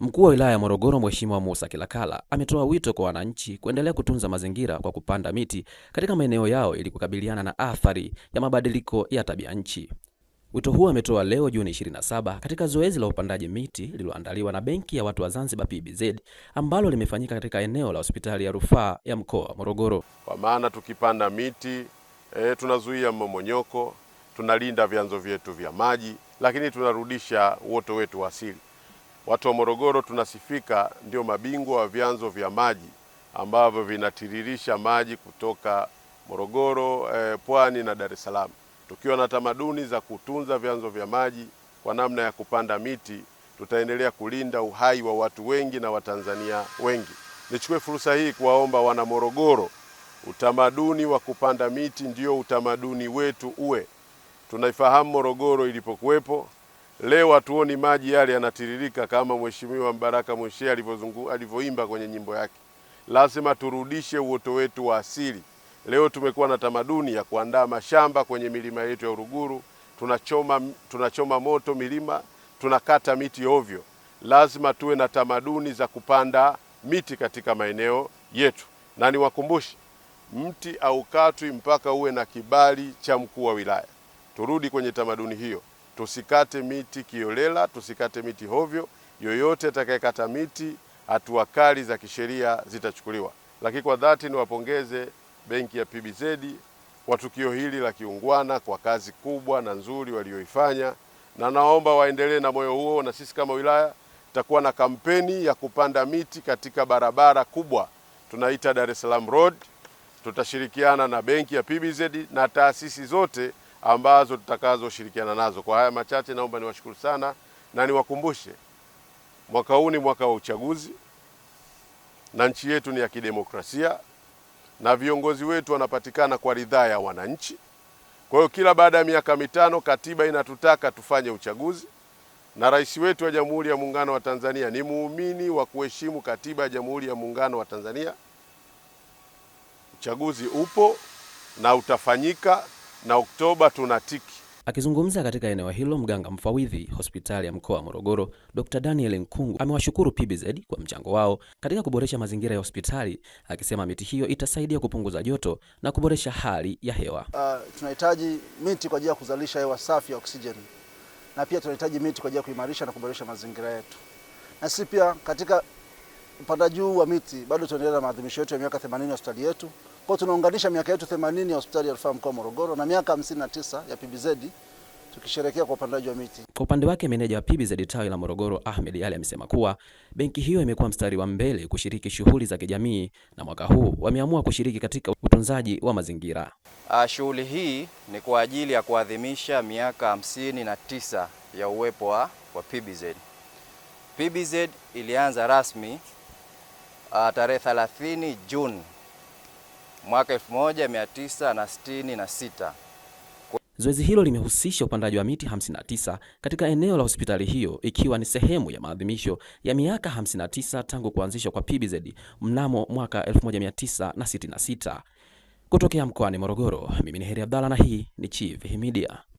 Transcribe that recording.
Mkuu wa wilaya ya Morogoro Mheshimiwa Musa Kilakala ametoa wito kwa wananchi kuendelea kutunza mazingira kwa kupanda miti katika maeneo yao ili kukabiliana na athari ya mabadiliko ya tabia nchi. Wito huo ametoa leo Juni 27 katika zoezi la upandaji miti lililoandaliwa na Benki ya Watu wa Zanzibar PBZ ambalo limefanyika katika eneo la hospitali ya rufaa ya mkoa wa Morogoro. Kwa maana tukipanda miti e, tunazuia mmomonyoko, tunalinda vyanzo vyetu vya maji, lakini tunarudisha uoto wetu wa asili. Watu wa Morogoro tunasifika ndio mabingwa wa vyanzo vya maji ambavyo vinatiririsha maji kutoka Morogoro, eh, Pwani na Dar es Salaam, tukiwa na tamaduni za kutunza vyanzo vya maji kwa namna ya kupanda miti tutaendelea kulinda uhai wa watu wengi na Watanzania wengi. Nichukue fursa hii kuwaomba wana Morogoro, utamaduni wa kupanda miti ndio utamaduni wetu uwe. Tunaifahamu Morogoro ilipokuwepo, Leo hatuoni maji yale yanatiririka kama Mheshimiwa Mbaraka Mweshe alivyoimba kwenye nyimbo yake. Lazima turudishe uoto wetu wa asili. Leo tumekuwa na tamaduni ya kuandaa mashamba kwenye milima yetu ya Uruguru, tunachoma, tunachoma moto milima, tunakata miti ovyo. Lazima tuwe na tamaduni za kupanda miti katika maeneo yetu, na niwakumbushe, mti katwi mpaka uwe na kibali cha mkuu wa wilaya. Turudi kwenye tamaduni hiyo. Tusikate miti kiolela, tusikate miti hovyo. Yoyote atakayekata miti, hatua kali za kisheria zitachukuliwa. Lakini kwa dhati niwapongeze benki ya PBZ kwa tukio hili la kiungwana, kwa kazi kubwa na nzuri walioifanya, na naomba waendelee na moyo huo, na sisi kama wilaya tutakuwa na kampeni ya kupanda miti katika barabara kubwa tunaita Dar es Salaam Road. Tutashirikiana na benki ya PBZ na taasisi zote ambazo tutakazoshirikiana nazo. Kwa haya machache, naomba niwashukuru sana na niwakumbushe, mwaka huu ni mwaka wa uchaguzi na nchi yetu ni ya kidemokrasia na viongozi wetu wanapatikana kwa ridhaa ya wananchi. Kwa hiyo kila baada ya miaka mitano katiba inatutaka tufanye uchaguzi, na rais wetu wa Jamhuri ya Muungano wa Tanzania ni muumini wa kuheshimu katiba ya Jamhuri ya Muungano wa Tanzania. Uchaguzi upo na utafanyika na Oktoba tunatiki. Akizungumza katika eneo hilo, mganga mfawidhi hospitali ya mkoa wa Morogoro, Dr. Daniel Nkungu amewashukuru PBZ kwa mchango wao katika kuboresha mazingira ya hospitali, akisema miti hiyo itasaidia kupunguza joto na kuboresha hali ya hewa. Uh, tunahitaji miti kwa ajili ya kuzalisha hewa safi ya oksijeni na pia tunahitaji miti kwa ajili ya kuimarisha na kuboresha mazingira yetu, na sisi pia katika upandaji huu wa miti bado tunaendelea na maadhimisho yetu ya miaka 80 ya hospitali yetu. Kwa tunaunganisha miaka yetu 80 ya hospitali ya rufaa mkoa wa Morogoro na miaka 59 ya PBZ tukisherekea kwa upandaji wa miti. Kwa upande wake, meneja wa PBZ tawi la Morogoro Ahmed Ali amesema kuwa benki hiyo imekuwa mstari wa mbele kushiriki shughuli za kijamii na mwaka huu wameamua kushiriki katika utunzaji wa mazingira. Ah, shughuli hii ni kwa ajili ya kuadhimisha miaka 59 ya uwepo wa PBZ. PBZ ilianza rasmi ah, tarehe 30 Juni mwaka 1966. Zoezi hilo limehusisha upandaji wa miti 59 katika eneo la hospitali hiyo ikiwa ni sehemu ya maadhimisho ya miaka 59 tangu kuanzishwa kwa PBZ mnamo mwaka 1966. Kutokea mkoani Morogoro, mimi ni Heri Abdalla na hii ni Chivihi Media.